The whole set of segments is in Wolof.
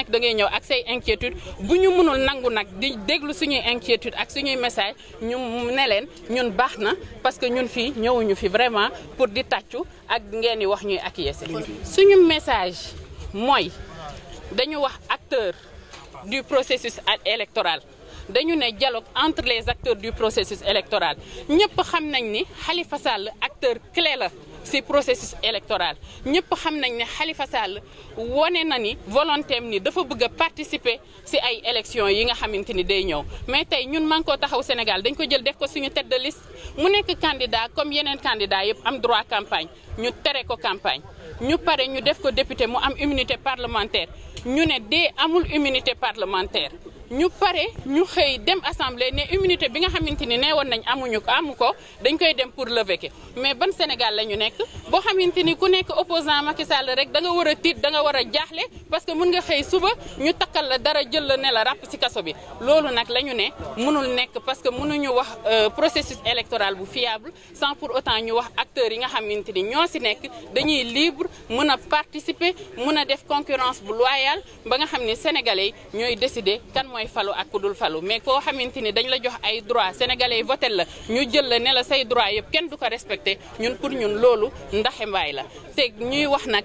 nek da ngay ñew ak say inquiétude bu ñu mënul nangu nak di déglu inquiétude ak suñu message ñu ne leen ñun baxna parce que ñun fii ñëwuñu fi vraiment pour di tàccu ak ngeen di wax ñuy acquiescer suñu message moy dañu wax acteur du processus électoral dañu né dialogue entre les acteurs du processus électoral ñepp xam nañ ni Khalifa Sall acteur clé la le processus électoral Nous xam nañ ne Khalifa Sall wone na ni volonté ni participer à ces élections yi nga xamante ni day ñëw mais Nous ñun Manko Taxawu Sénégal dañ ko jël def ko suñu tête de liste mu nekk candidat comme yeneen candidats yëpp am droit campagne ñu fait ko campagne Nous avons ñu def ko député mu am immunité parlementaire Nous avons dee amul immunité parlementaire ñu paré ñu xey dem assemblée ne immunité bi nga xamante né won nañ amuñu ko amu ko dañ koy dem pour lever ko mais ban Sénégal lañu ñu nekk boo xamante ku nekk opposant Macky Sall rek da nga wara tit da nga wara jaxlé parce que mën nga xey suba ñu takal la dara jël la né la rap ci kasso bi lolu nak lañu né mënul nekk parce que mënuñu wax euh, processus électoral bu fiable sans pour autant ñu wax acteur yi nga xamante ño ci si nekk dañuy libre mëna participer mëna def concurrence bu loyal ba nga xam sénégalais ñoy décider kan mooy mooy falu ak ku dul falu mais koo xamante ni dañ la jox ay droit sénégalais yi voté la ñu jël la ne la say droit yëpp kenn du ko respecté ñun pour ñun loolu ndaxe baay la te ñuy wax nag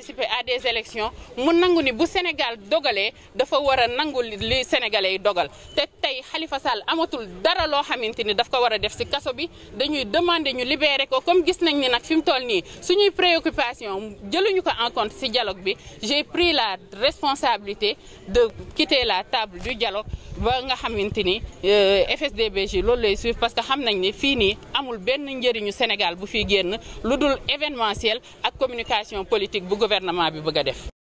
participer à des élections mu nangu ni bu Sénégal dogalé dafa war nangu li Sénégalais dogal Té tay Khalifa Sall amatul dara lo xamante ni daf ko wara def ci kasso bi dañuy demander ñu libérer ko comme gis nañ ni nak toll ni suñuy préoccupation jëluñu ko en compte ci dialogue bi j'ai pris la responsabilité de quitter la table du dialogue ba nga xamante ni euh, FSDBJ loolu lay suivre parce que xam nañ ni fii nii amul benn njëriñu Sénégal bu fiy génn lu dul événementiel ak communication politique bu gouvernement bi bëgg a def.